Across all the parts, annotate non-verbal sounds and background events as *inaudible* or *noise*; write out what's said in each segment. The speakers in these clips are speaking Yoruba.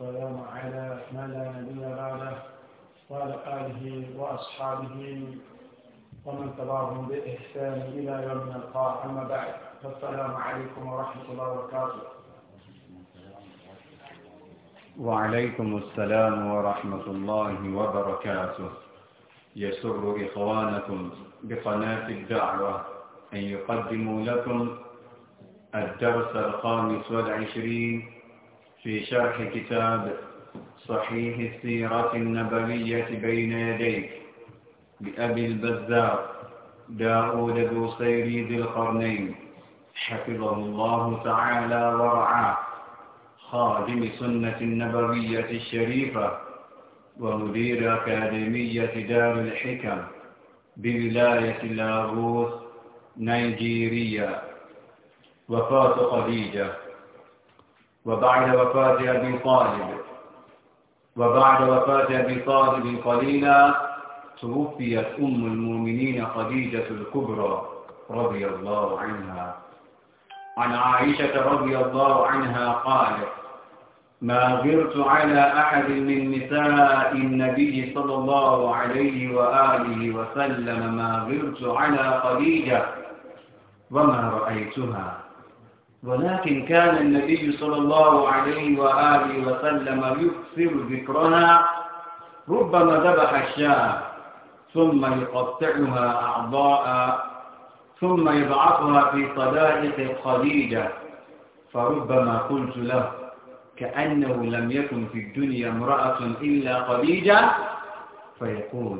والسلام على ما لا نبي بعده وعلى آله وأصحابه ومن تبعهم بإحسان إلى يوم نلقاه أما بعد فالسلام عليكم ورحمة الله وبركاته وعليكم السلام ورحمة الله وبركاته يسر إخوانكم بقناة الدعوة أن يقدموا لكم الدرس الخامس والعشرين في شرح كتاب صحيح السيرة النبوية بين يديك بأبي البزار داود سيري ذي القرنين حفظه الله تعالى ورعاه خادم سنة النبوية الشريفة ومدير أكاديمية دار الحكم بولاية لاغوث نيجيريا وفاة خديجة وبعد وفاة أبي طالب وبعد وفاة أبي طالب قليلا توفيت أم المؤمنين خديجة الكبرى رضي الله عنها عن عائشة رضي الله عنها قالت ما غرت على أحد من نساء النبي صلى الله عليه وآله وسلم ما غرت على خديجة وما رأيتها ولكن كان النبي صلى الله عليه وآله وسلم يكثر ذكرها ربما ذبح الشاة ثم يقطعها أعضاء ثم يبعثها في صدائق خديجة فربما قلت له كأنه لم يكن في الدنيا امرأة إلا خديجة فيقول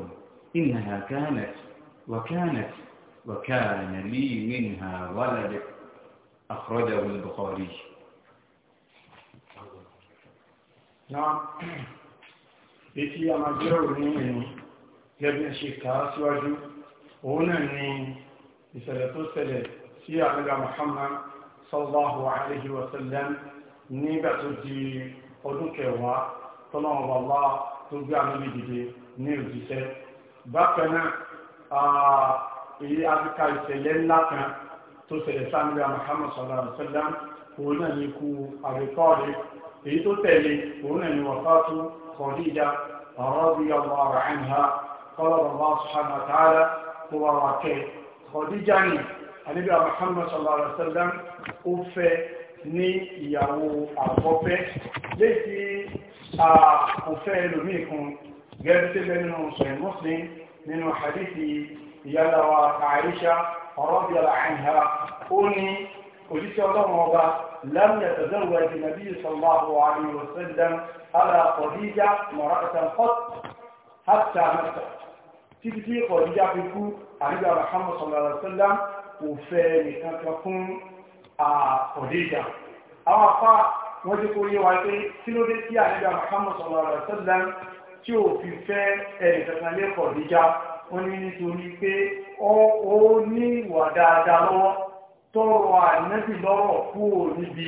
إنها كانت وكانت وكان لي منها ولد أخرجه البخاري نعم ètí àmàjọ́rò ní ìrìn lẹ́bí ṣe kàá síwájú òun náà ni ìṣẹ̀lẹ̀ tó ṣẹlẹ̀ sí àmìlà Muhammad sallallahu alaihi wasallam nígbà tó di ọdún kẹwàá tọ́lọ́wọ́ bàbá tó gbé àmìlì dìde ní òjíṣẹ́ bákan náà èyí afirka ìṣẹ̀lẹ̀ ńlá kan tó ṣẹlẹ̀ sáàmìlá Muhammad sallallahu alaihi wasallam òun náà ní ikú àbíkọ́ọ̀lì èyí tó tẹ̀lé òun náà ní wàfáàtú Khadija radiyallahu anha kọ́lọ́rọ̀ bá subhanahu wa ta'ala kó wà wà kẹ́ Khadija ni àníbíà Muhammad sallallahu alaihi wasallam ó fẹ́ ní ìyàwó àkọ́fẹ́ léèkì àkọ́fẹ́ ẹlòmíì kan gẹ́gẹ́ tẹ́lẹ̀ nínú sọ̀rọ̀ Muslim nínú hadithi ìyálàwà Aisha radiyallahu anha ó ní òjíṣẹ́ ọlọ́run ọba لم يتزوج النبي صلى الله عليه وسلم على خديجة امرأة قط حتى ماتت títí Khadija fi kú àríwá Muhammad sallallahu alaihi wasallam kò fẹ́ nìkan kan fún Khadija tí àríwá fi fẹ́ ẹnìkan kan lé wọ́n ní nítorí pé ó ní ìwà dáadáa lọ́wọ́ tọrọ àìmẹ́sì lọ́rọ̀ kú ò níbi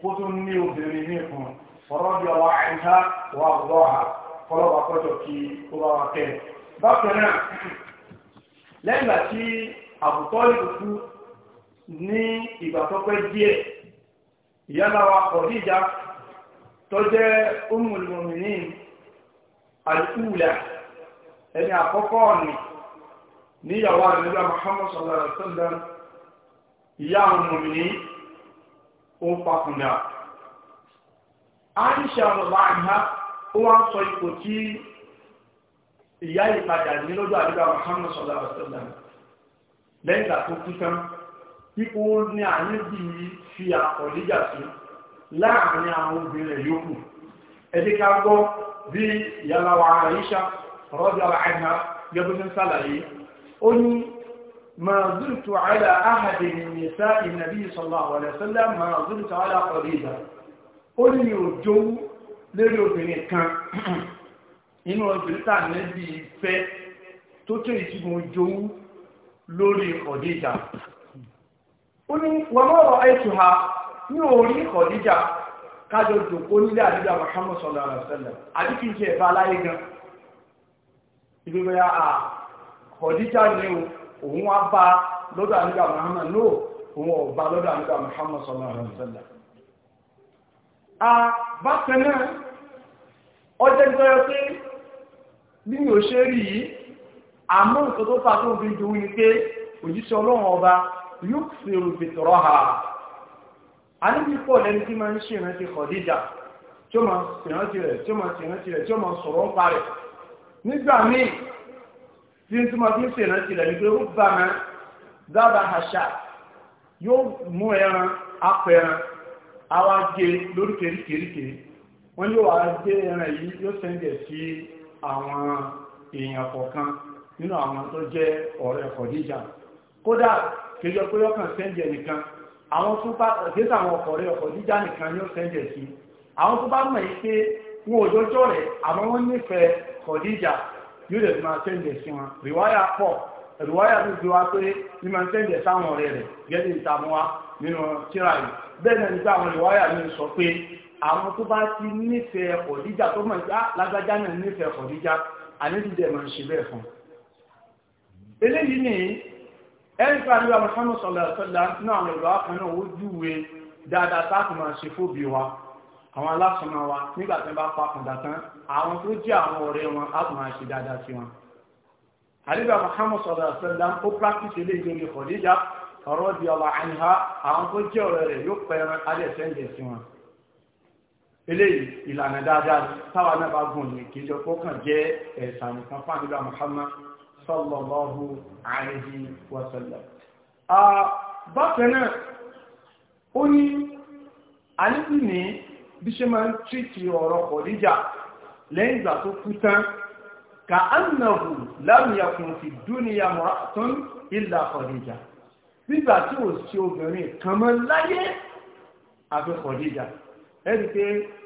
kó tún ní obìnrin ní ìfún ọ̀rọ̀ bí ọwọ́ àìsá wà lọ́ha kọlọ́bà kọjọ kí ó bá wà kẹ́ bákan náà lẹ́yìn àti àbùtọ́ ìlú ní ìgbà tó pẹ́ díẹ̀ ìyáláwa kọ̀díjà tó jẹ́ ummul mu'minin al-ula ẹni àkọ́kọ́ ọ̀nì níyàwó àrẹ̀lẹ́gbà Muhammad sallallahu alaihi wasallam ìyá àwọn mọ̀mìnì ó pàkùnà àìṣà ọ̀nà àìhá ó wá ń sọ ipò tí ìyá ìpadà ní lọ́dọ̀ àrẹ̀lẹ́gbà Muhammad sallallahu alaihi wasallam lẹ́yìn tó tán ipò ní àyẹ́bí fi àkọ̀díjà sí láàrin àwọn obìnrin yòókù rọ́bì ọ̀rọ̀ àìmá yẹ́bù ní sálàyé ó ní ma zùrùtù àlà ahàdì nìsá ìnàbí sallallahu alaihi wasallam ma zùrùtù àlà kọ̀dídà ó ní ní òjò lérí obìnrin kan nínú *clears throat* obìnrin tà níbi ìfẹ́ tó tó ìtìgùn òjò lórí kọ̀dídà ó ní wàmọ́rọ̀ àìtùhà ní orí kọ̀dídà kájọ jòkó nílé àdídà Muhammad sallallahu alaihi wasallam àdíkì ìṣẹ́ ìbá aláyé gan-an ibi bẹ́ẹ̀ à Khadija ni òun wá bá lọ́dọ̀ àníkà Muhammad no òun ọ̀bá lọ́dọ̀ àníkà Muhammad sallallahu alaihi wasallam a bákan náà ọjọ́ ìgbọ́yọ pé bí mi ò ṣe rí yìí àmọ́ nǹkan tó fà tó fi dùn ní pé òjíṣẹ́ ọlọ́run ọba yóò fi òrùbìtọ̀rọ̀ ha a níbi pọ̀ lẹ́ni tí máa ń ṣèrántí Khadija rẹ̀ tí ó máa ṣèrántí rẹ̀ tí ó máa sọ̀rọ̀ ń parẹ̀ nígbà míì tí n tí mo fi ń ṣèrántí rẹ̀ nígbà ó bá mi dábàá àṣà yóò mú ẹran apẹran àwa gé lórí kéríkéríkéré wọ́n yóò wá gé ẹran yìí yóò sẹ́ńdẹ̀ sí àwọn èèyàn kọ̀ọ̀kan nínú àwọn tó jẹ́ ọ̀rẹ́ Khadija kódà kejọ pé ọkàn sẹ́ńdẹ̀ nìkan àwọn tó bá ọ̀gẹ́sà àwọn ọ̀rẹ́ Khadija nìkan yóò sẹ́ńdẹ̀ sí àwọn tó bá mọ̀ yìí pé wọn ò jọjọ́ rẹ̀ àmọ́ wọ́n nífẹ̀ẹ́ kọ̀díjà yóò dẹ̀ máa tẹ́ǹdẹ̀ sí wọn rìwáyà pọ̀ rìwáyà tó gbé wa pé ní máa tẹ́ǹdẹ̀ sáwọn ọ̀rẹ́ rẹ̀ gẹ́gẹ́ ìtàmúwa nínú tíra yìí bẹ́ẹ̀ náà nígbà àwọn rìwáyà mi sọ pé àwọn tó bá ti nífẹ̀ẹ́ kọ̀díjà tó mọ̀ já ah, lágbájá náà nífẹ̀ẹ́ kọ̀díjà àníjìdẹ̀ máa ń ṣe bẹ́ẹ̀ fún eléyìí ni ẹni tó àdúrà mọ̀sánù sọ̀lọ̀ sọ̀lá náà àwọn ìlú àkànnà ó júwe dáadáa táàkì máa ṣe fóbi wa àwọn aláṣọmọ wa nígbà tí wọ́n bá pa kàndà tán àwọn tó jẹ́ àwọn ọ̀rẹ́ wọn á tún máa ṣe dáadáa sí wọn. àdìgbà Muhammad sọ̀rọ̀ àṣẹlá ó practice ilé ìjọ ní kọ̀díjà ọ̀rọ̀ di ọba àyíká àwọn tó jẹ́ ọ̀rẹ́ rẹ̀ yóò pẹ́ ẹran adẹ́sẹ́ǹdẹ̀ sí wọn. eléyìí ìlànà dáadáa táwa náà bá gùn ah, ní kí ìjọ kọ̀ọ̀kan jẹ́ ẹ̀sà nìkan fún àdìgbà Muhammad sallallahu bí ṣe máa ń tírìtì ọ̀rọ̀ kọ̀díjà lẹ́yìn tó kú tán ka annahu lam yakun fi dúnìyà mọ́tún ìlà kọ̀díjà nígbà tí ò sí obìnrin kan mọ́ láyé àfi kọ̀díjà ẹni pé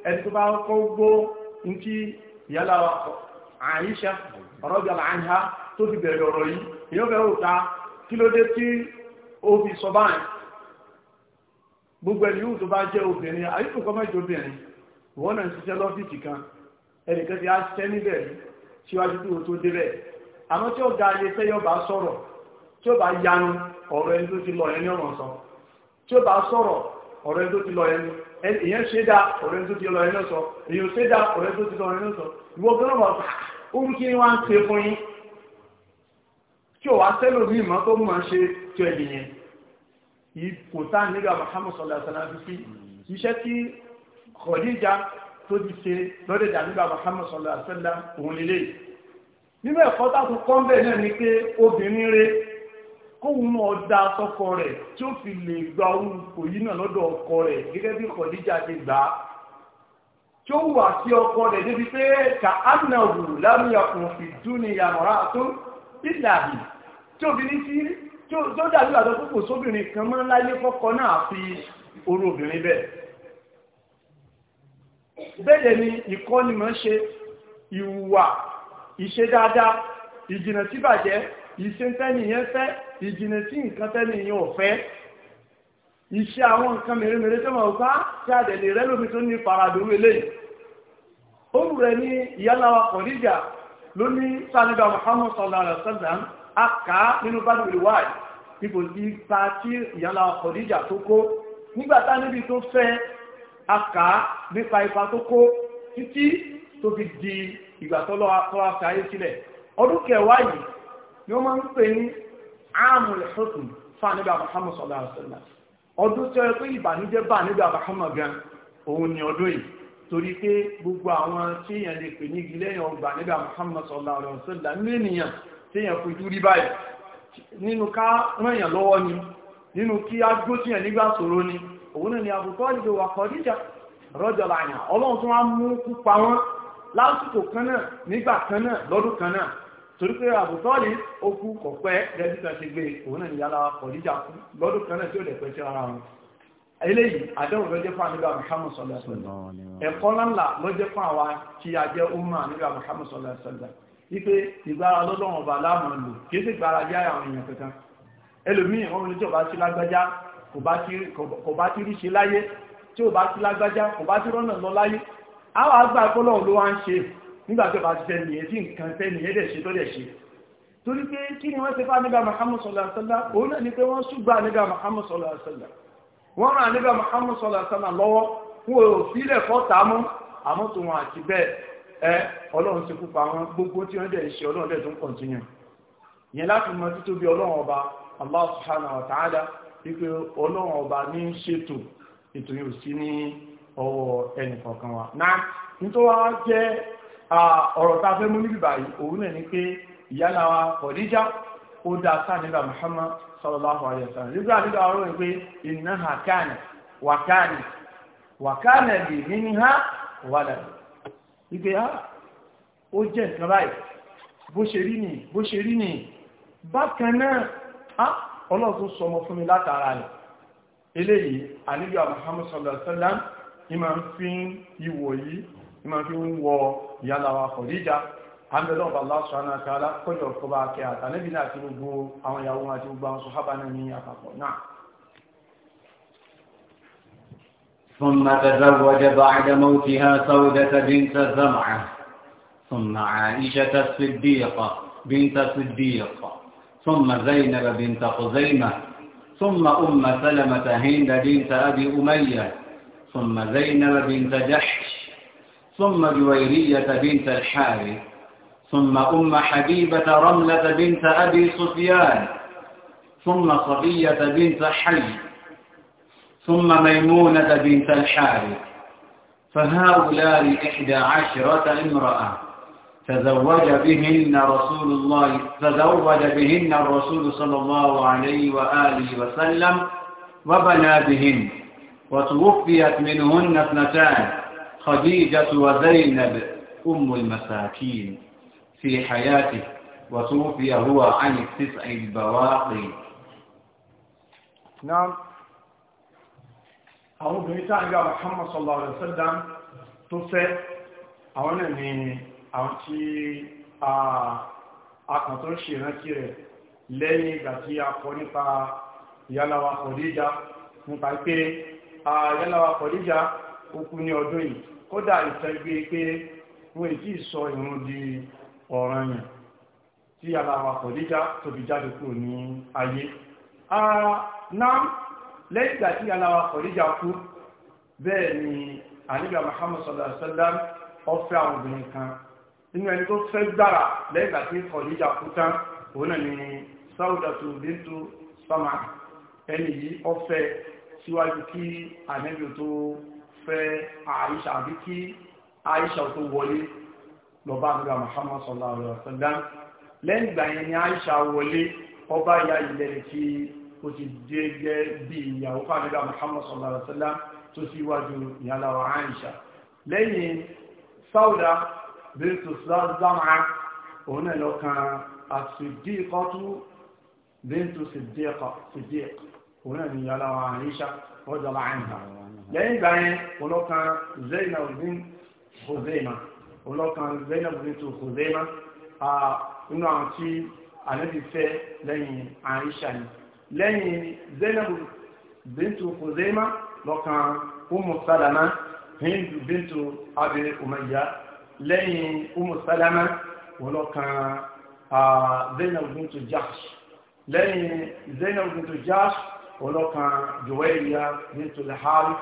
ẹni tó bá kọ́ gbó ní kí ìyálà àyíṣà ọ̀rọ̀ bí àlàáńhá tó gbogbo ẹni yóò tó bá jẹ́ obìnrin àyíkùnkọ́ mẹ́jọ obìnrin wọ́n náà ń ṣiṣẹ́ lọ́fíìsì kan ẹnìkan ti á ṣiṣẹ́ níbẹ̀ rí síwájú tó tó débẹ̀ àmọ́ tí ọ̀gá ayé fẹ́ yọba sọ̀rọ̀ tí ó bá yanu ọ̀rọ̀ ẹni tó ti lọ ẹni ọ̀rọ̀ sọ tí ó bá sọ̀rọ̀ ọ̀rọ̀ ẹni tó ti lọ ẹni ìyẹn ṣe dá ọ̀rọ̀ ẹni tó ti lọ ẹni sọ èyàn ṣe dá ọ̀rọ̀ ẹni tó ti lọ ẹni sọ ìwọ gbọ́dọ̀ mọ̀ ó ń ah, kí wọ́n ń ṣe fún yín tí ò wá sẹ́lòmíì mọ́ tó mọ̀ ṣe tó ẹ̀dì yẹn ipò tá nílò àbáhámù sọ̀lá sọ̀lá fi sí iṣẹ́ tí Khadija tó ti ṣe lọ́dẹ̀dà nílò àbáhámù sọ̀lá sọ̀lá òun lélẹ̀ nínú ẹ̀kọ́ táwọn kọ́ńbẹ̀ náà ni pé obìnrin rẹ̀ kóhun ọ̀dà sọ́kọ rẹ̀ tí ó fi lè gba orúkọ yìí náà lọ́dọ̀ ọkọ rẹ̀ gẹ́gẹ́ bí Khadija ti gbà á tí ó wà sí ọkọ rẹ̀ débi pé ka annahu lámìyàkùn fi dúnìyà mọ́ra tó ìlàbì tí obìnrin ti rí tó dàbí àjọ tó kò sóbìnrin kan mọ́ láyé kọ́kọ́ náà fi orú obìnrin bẹ́ẹ̀ bẹ́ẹ̀ ni ìkọ́ni máa ń ṣe ìwà ìṣe dáadáa ìjìnà sí bàjẹ́ ìṣẹ́ntẹ́ni yẹn fẹ́ ìjìnà sí nǹkan tẹ́ni yẹn ò fẹ́ iṣẹ́ àwọn nǹkan mèremère tó mọ̀ bá tí a dẹ̀lẹ̀ rẹ lómi tó ní faradoro eléyìí oòrùn rẹ̀ ní ìyáláwa kọ̀díjà ló ní sanibà Muhammad sallallahu alaihi wasallam a kà nínú bá lórí wáyìí níbo tí ipa tí ìyànlá ọ̀díjà tó kó nígbà tá níbi tó fẹ́ akà nípa ipa tó kó títí tó fi di ìgbà tó lọ akọ́ akà ayé sílẹ̀ ọdún kẹwàá yìí ni wọ́n máa ń pè ní àmúlẹ̀ fọ́tún fún àníbà Muhammad sallallahu alaihi wasallam ọdún tó yẹ pé ìbànújẹ́ bá àníbà Muhammad gan òun ni ọdún yìí torí pé gbogbo àwọn tí èèyàn lè pè ní igi lẹ́yìn ọgbà nígbà Muhammad sallallahu alaihi wasallam tí èèyàn fojú rí báyìí nínú ká rẹ̀yàn lọ́wọ́ ni nínú kí a gbó sí ẹ̀ nígbà ṣòro ni òun náà ni àbùkọ́ ìdò wà kọ̀díjà rọ́jọ̀lá àyà ọlọ́run tó wá mú púpa wọn lásìkò kan náà nígbà kan náà lọ́dún kan náà torí pé àbùkọ́ yìí ó kú kọ̀pẹ́ rẹ́díkà ti gbé òun náà ni yálà kọ̀díjà lọ́dún kan náà tí ó dẹ̀ pẹ́ sí ara wọn eléyìí àdéhùn ló jẹ́ fún àníbà Muhammad sallallahu alaihi wasallam ẹ̀kọ́ ńlá ló jẹ́ fún àwa tí a jẹ́ umma àníbà Muhammad sallallahu wípé ìgbára lọ́lọ́run ọba láwọn lò kìí sì gbára yá àwọn èèyàn kankan ẹlòmíì wọn ní tí ò bá sí lágbájá kò bá ti rí ṣe láyé tí ò bá sí lágbájá kò bá sí rọ́nà lọ láyé àwọn àgbà ọpọlọ́run ló wá ń ṣe nígbà tí ó bá ti fẹ́ nìyẹn tí nǹkan fẹ́ nìyẹn dẹ̀ ṣe tó dẹ̀ ṣe torí pé kí ni wọ́n ṣe fá nígbà Muhammad sallallahu alaihi wasallam òun náà ni pé wọ́n ṣùgbà nígbà Muhammad sallallahu alaihi wasallam wọ́n ràn nígbà Muhammad sallallahu alaihi wasallam lọ́wọ́ wọn ò sílẹ̀ fọ́ta mọ́ àmọ́ tó wọn àti bẹ́ẹ̀ ẹ ọlọ́run ti kúpa wọn gbogbo tí wọ́n dẹ̀ ṣe ọlọ́run dẹ̀ tó ń kọ̀ntínú yẹn láti mọ títóbi ọlọ́run ọba Allah subhanahu wa ta'ala wípé ọba ní ṣètò ètò yóò sí ní wa náà nítorí wọn jẹ́ ọ̀rọ̀ tá a fẹ́ mú níbi báyìí òun náà ni pé ìyáàlá Muhammad sallallahu alayhi wa sallam nígbà nígbà wípé á ah, ó jẹ́ nǹkan báyìí bó ṣe rí nì bó ṣe rí nì bákan náà á ah, ọlọ́run sọmọ fún mi látara rẹ̀ eléyìí àníbí Muhammad sallallahu alaihi fi ń yìí ìmọ̀ fi ń wọ Allah subhanahu wa ta'ala kọjọ̀ kọba akẹ́ àtàlẹ́bìnà àti gbogbo àwọn ìyàwó àti gbogbo àwọn sọ̀hábà náà ثم تزوج بعد موتها سودة بنت زمعة ثم عائشة الصديقة بنت صديق ثم زينب بنت خزيمة ثم أم سلمة هند بنت أبي أمية ثم زينب بنت جحش ثم جويرية بنت الحارث ثم أم حبيبة رملة بنت أبي سفيان ثم صبية بنت حي ثم ميمونة بنت الحارث فهؤلاء إحدى عشرة امرأة تزوج بهن رسول الله تزوج بهن الرسول صلى الله عليه وآله وسلم وبنى بهن وتوفيت منهن اثنتان خديجة وزينب أم المساكين في حياته وتوفي هو عن التسع البواقي نعم àwọn obìnrin tá à ń gbà Muhammad sallallahu alaihi wasallam tó fẹ́ àwọn náà ni àwọn tí akàntọ́ ṣe ìrántí rẹ̀ lẹ́yìn ìgbà tí a kọ nípa ìyálawa Khadija nípa pé ìyálawa Khadija ó kú ní ọdún yìí kódà ìtẹ́gbé pé wọ́n èyí sọ ìrun di ọ̀ràn yẹn tí ìyálawa Khadija tóbi jáde kúrò ní ayé lẹ́yìn ìgbà tí aláwa kọ̀díjà kú bẹ́ẹ̀ ni àníbà Muhammad sallallahu alaihi wasallam ọ̀fẹ́ àwọn obìnrin kan nínú ẹni tó fẹ́ gbára lẹ́yìn ìgbà tí kọ̀díjà kú tán òun náà ni Saudatu bintu Sama ẹni yìí ọ̀fẹ́ síwájú kí ànẹ́bí tó fẹ́ Àìṣà àbí kí ó ti dé gẹ́ bí ìyàwó fàdúrà Muhammad sallallahu alaihi wasallam tó síwájú ìyàláwà Aisha lẹ́yìn Sauda bintu Zam'a òun náà lọ kan as-Siddiqatu bintu Siddiq Siddiq òun náà ni ìyàláwà Aisha radiyallahu anha fẹ́ lẹ́yìn Aisha ni lẹ́yìn zainab bintu kuzema lọ́kàn umu salama hindu bintu abi umayya lẹ́yìn umu salama lọ́kàn zainab bintu jahsh lẹ́yìn zainab bintu jahsh lọ́kàn juwayya bintu lahari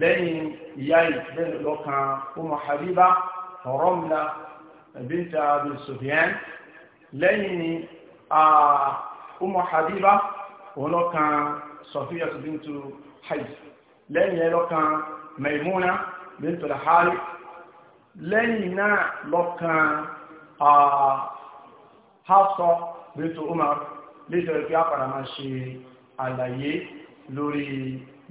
lẹ́yìn ìyá ìtẹ́lẹ̀ lọ́kàn umu habiba romla bintu abi sufyan lẹ́yìn umu habiba òun lọ́kàn sọ̀fíyà tó bíntu hajj lẹ́yìn ẹ lọ́kàn maimuna bíntu lahari lẹ́yìn náà lọ́kàn hafsọ bíntu umar lẹ́jọ́ ìpí àpàdà máa ṣe àlàyé lórí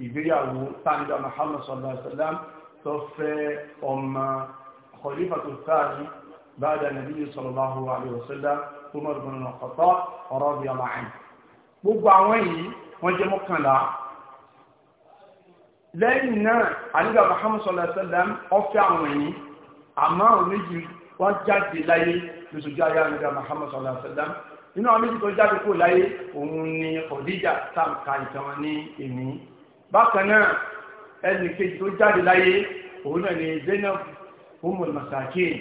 ìgbéyàwó tánidà Muhammad sallallahu alaihi wasallam tó fẹ́ ọmọ khalifatu thani ba'da nabiyyi sallallahu alaihi wasallam umar bin al-khattab radiyallahu anhu gbogbo àwọn yìí wọ́n jẹ́ mọ́kànlá lẹ́yìn náà àníbà Muhammad sallallahu alaihi wasallam ọ̀fẹ́ àwọn yìí àmọ́ àwọn méjì wọ́n jáde láyé lóṣojú ayé àníbà Muhammad sallallahu ni Khadija tàǹkà ìtàn ní èmi bákan náà ẹnì kejì tó jáde láyé òun náà ni Zainab umul masakin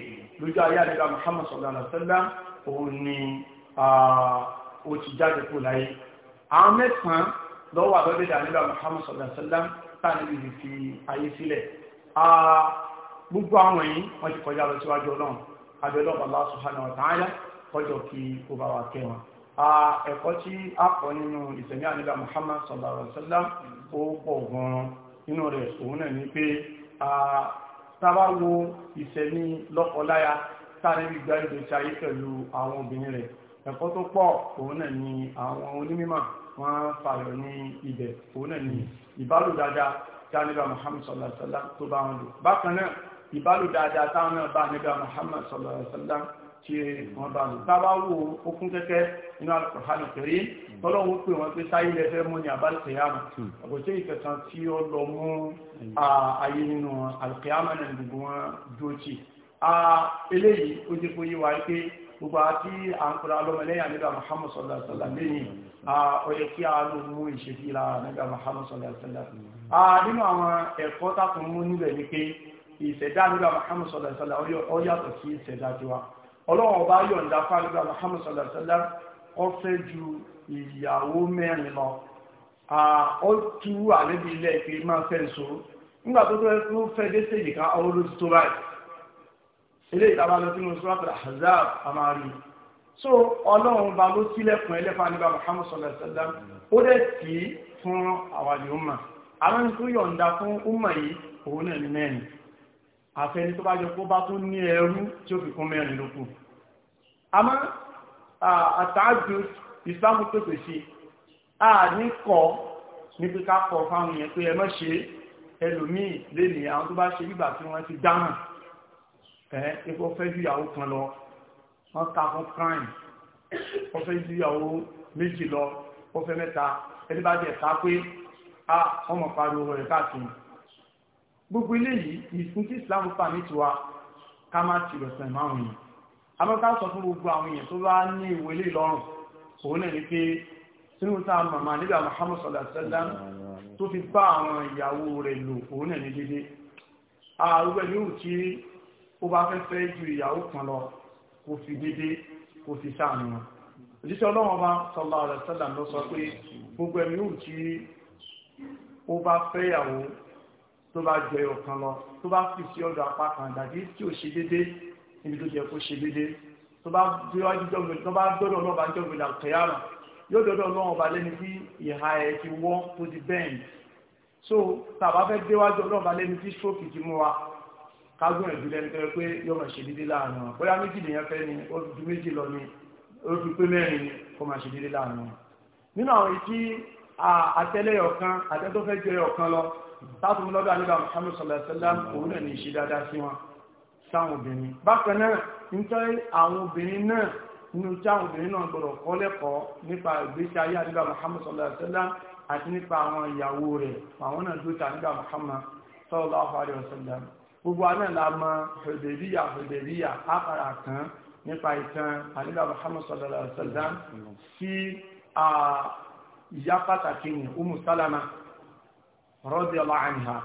ah, ó ti jáde kó láyé àwọn mẹ́sàn-án lọ́wọ́ àbẹ́bẹ́dà nígbà Muhammad sallallahu alaihi wasallam táàlì ìlú fi ayé sílẹ̀ gbogbo àwọn yìí wọ́n ti kọjá lọ síwájú ọlọ́run abẹ́lọ́pàá Allah subhanahu wa ta'ala kọjọ kí ó bá wa kẹ́ wọn ẹ̀kọ́ tí a kọ́ nínú ìsẹ̀mí àníbà Muhammad sallallahu alaihi wasallam ó pọ̀ gan-an nínú rẹ̀ òun náà wọ́n fàyọ ní ibẹ̀ òun náà ni ìbálò dáadáa tí a nígbà Muhammad sallallahu alaihi wasallam tó bá wọn lò bákan náà ìbálò dáadáa táwọn náà bá nígbà Muhammad sallallahu alaihi wasallam tí wọ́n bá lò tá a okun kẹ́kẹ́ inú alukọ̀hánì kẹrí tọ́lọ́wọ́ pé wọ́n pé sáyé lẹ́fẹ́ mú ní abal qiyama àkòtí ìkẹsàn tí ó lọ mú ayé al qiyama náà gbogbo wọn dúró tì eléyìí ó jẹ́ kó gbogbo àti àǹkúra lọ́mọlẹ́yà nígbà Muhammad sallallahu alaihi wasallam lẹ́yìn ọ̀yẹ̀ kí a ló mú ìṣẹ́fí la nígbà Muhammad sallallahu alaihi wasallam nínú àwọn ẹ̀kọ́ tàkùn mú níbẹ̀ ní pé ìṣẹ̀dá nígbà Muhammad sallallahu alaihi wasallam ó yàtọ̀ sí ìṣẹ̀dá tiwa ọlọ́run ọba yọ̀ǹda fún nígbà Muhammad sallallahu alaihi wasallam ó ilé ìtaba lọ sínú sọ́rọ̀tà Ahzab amari so ọlọ́run ba ló sílẹ̀kùn ẹlẹ́fà nígbà Muhammad sallallahu alaihi wasallam ó dẹ̀ sí fún àwàlì umma àwọn tó yọ̀ǹda fún umma yìí òun náà ní mẹ́rin àfẹ́ni tó bá jọ kó bá tó ní ẹrú tí ó fi kún mẹ́rin lókù àmọ́ àtàjù ìsìlámù tó pèsè àníkọ́ níbi ká kọ̀ fáwọn yẹn pé ẹ má ṣe ẹlòmíì lé ní àwọn tó bá ṣe nígbà tí wọ́n ti dáhùn ẹ ipò fẹ́ ju ìyàwó kan lọ wọ́n ta fún crime wọ́n fẹ́ ju ìyàwó méjì lọ wọ́n fẹ́ mẹ́ta ẹni bá jẹ́ ta pé a wọ́n mọ̀ pariwo rẹ̀ káàkiri gbogbo eléyìí ìsìn tí Islam fà ní tiwa ká má ti lọ̀sẹ̀ márùn yìí àmọ́ ká sọ fún gbogbo àwọn èèyàn tó bá ní ìwé lè lọ́rùn òun náà ní pé sínú tá a màmá nígbà Muhammad sallallahu alaihi wasallam tó fi bá àwọn ìyàwó rẹ̀ lò òun náà ní dédé àrùgbẹ́ ní òtí ó bá fẹ́ fẹ́ ju ìyàwó kan lọ kò fi dédé kò fi sáànù wọn òjíṣẹ́ ọlọ́wọ́n bá sọlá rẹ̀ sẹ́là lọ sọ pé gbogbo ẹ̀mí ò tí ó bá fẹ́ ìyàwó tó bá jẹ ọ̀kan lọ tó bá fi sí ọ̀dọ̀ apá kan dàbí tí ò ṣe dédé níbi tó jẹ kó ṣe dédé tó bá dúró tó bá dọ́dọ̀ náà bá jọ̀gbìn àkẹyàrá yóò dọ́dọ̀ náà ọba lẹ́ni tí ìhà ẹ̀ ti wọ́ tó ti bẹ́ẹ̀ so tàbá fẹ́ déwájú ọlọ́ọ̀bá lẹ́ni tí stroke ti mú wa kágbọ́n ìdílé ẹni tẹ́lẹ̀ pé yóò máa ṣe dídí láàánú wọn bóyá méjì nìyẹn fẹ́ ni ó ju méjì lọ ni ó ju pé mẹ́rin ni kó máa ṣe dídí láàánú wọn. nínú àwọn ìtí àtẹ́lẹ̀ ọ̀kan àtẹ́tọ́fẹ́ jẹ́ ọ̀kan lọ táàtùmú lọ́dọ̀ àníbà Muhammad sallallahu alaihi wasallam òun náà ní ìṣe dáadáa sí wọn sáwọn obìnrin. bákan náà nítorí àwọn obìnrin náà nínú tí àwọn obìnrin náà gbọdọ̀ kọ́ lẹ́kọ̀ọ́ nípa ìgbésí ayé àníbà Muhammad sallallahu alaihi wasallam àti nípa àwọn ìyàwó rẹ̀ àwọn náà dúró ta àníbà Muhammad sallallahu alaihi wasallam gbogbo aná la mọ Hudaybiya Hudaybiya ápàrà kan nípa ìtàn àníbà Muhammad sallallahu alaihi wasallam sí ìyá pàtàkì ní Umu Salama radiyallahu anha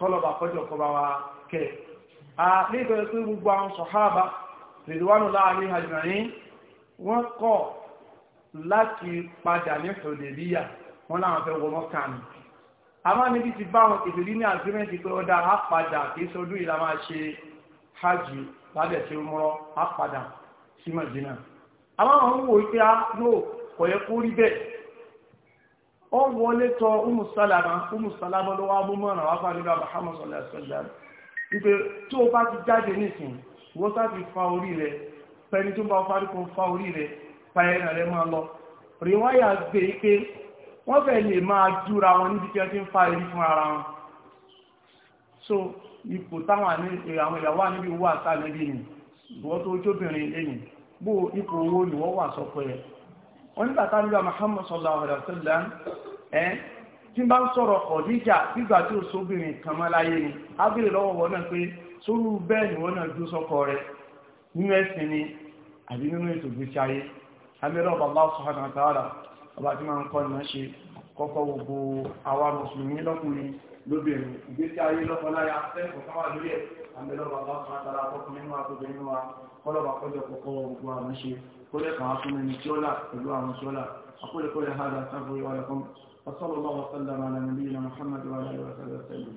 tọ́lọ̀bà kọjọ kọba wa kẹ nígbẹ̀rẹ̀ pé gbogbo àwọn sọ̀háàbá rìdíwánù láàrin àjìmọ̀rin wọ́n kọ̀ láti padà ní Hudaybiya wọ́n láwọn fẹ́ wọ́n mọ́kànlá a máa níbi ti bá wọn ìfèrí ní agreement pé ọ̀dà á padà kì í sọdún ìlà máa ṣe hajj lábẹ́ tí ó mọ́rọ́ á padà sí Mọ̀dínà àwọn àwọn ń wò ó pé á lò kò yẹ kó rí bẹ́ẹ̀ ó wọlé tọ Umu Salama Umu Salama ló wá mú mọ́ràn wá bá Muhammad sallallahu alaihi wasallam wípé o bá ti jáde nísìn wọ́n sá ti fa orí rẹ̀ pẹ̀lú tó bá farí fa orí rẹ̀ pa ẹ̀rẹ̀ rẹ̀ máa lọ rìwáyà gbé pé wọ́n fẹ́ lè máa dúra wọn níbi tí ti ń fa eré fún ara wọn so ipò táwọn àwọn ìyàwó níbi owó àtà níbi nì ìwọ́n tó jóbìnrin lẹ́nu bó ipò owó ni wọ́n wà sọ́kọ wọ́n nígbà ẹ́ tí bá ń sọ̀rọ̀ ọ̀díjà tí ó sóbìnrin ni lọ́wọ́ wọn náà pé sórú bẹ́ẹ̀ ni wọ́n náà dú sọ́kọ rẹ̀ nínú ẹ̀sìn ni àbí nínú ètò ìgbésí ayé ọba tí máa ń kọ́ ìmọ̀ ṣe kọ́kọ́ gbogbo àwa mùsùlùmí lọ́kùnrin lóbìnrin ìgbésí ayé lọ́kọláya fẹ́ẹ̀kọ́ káwà lórí ẹ̀ àmẹ́lọ́ba bá fún àtàrà ọkùnrin nínú àtòbìnrin nínú wa kọ́lọ́ba kọjọ kọ́kọ́ gbogbo àwọn ṣe الله وسلم على نبينا محمد وعلى اله وصحبه وسلم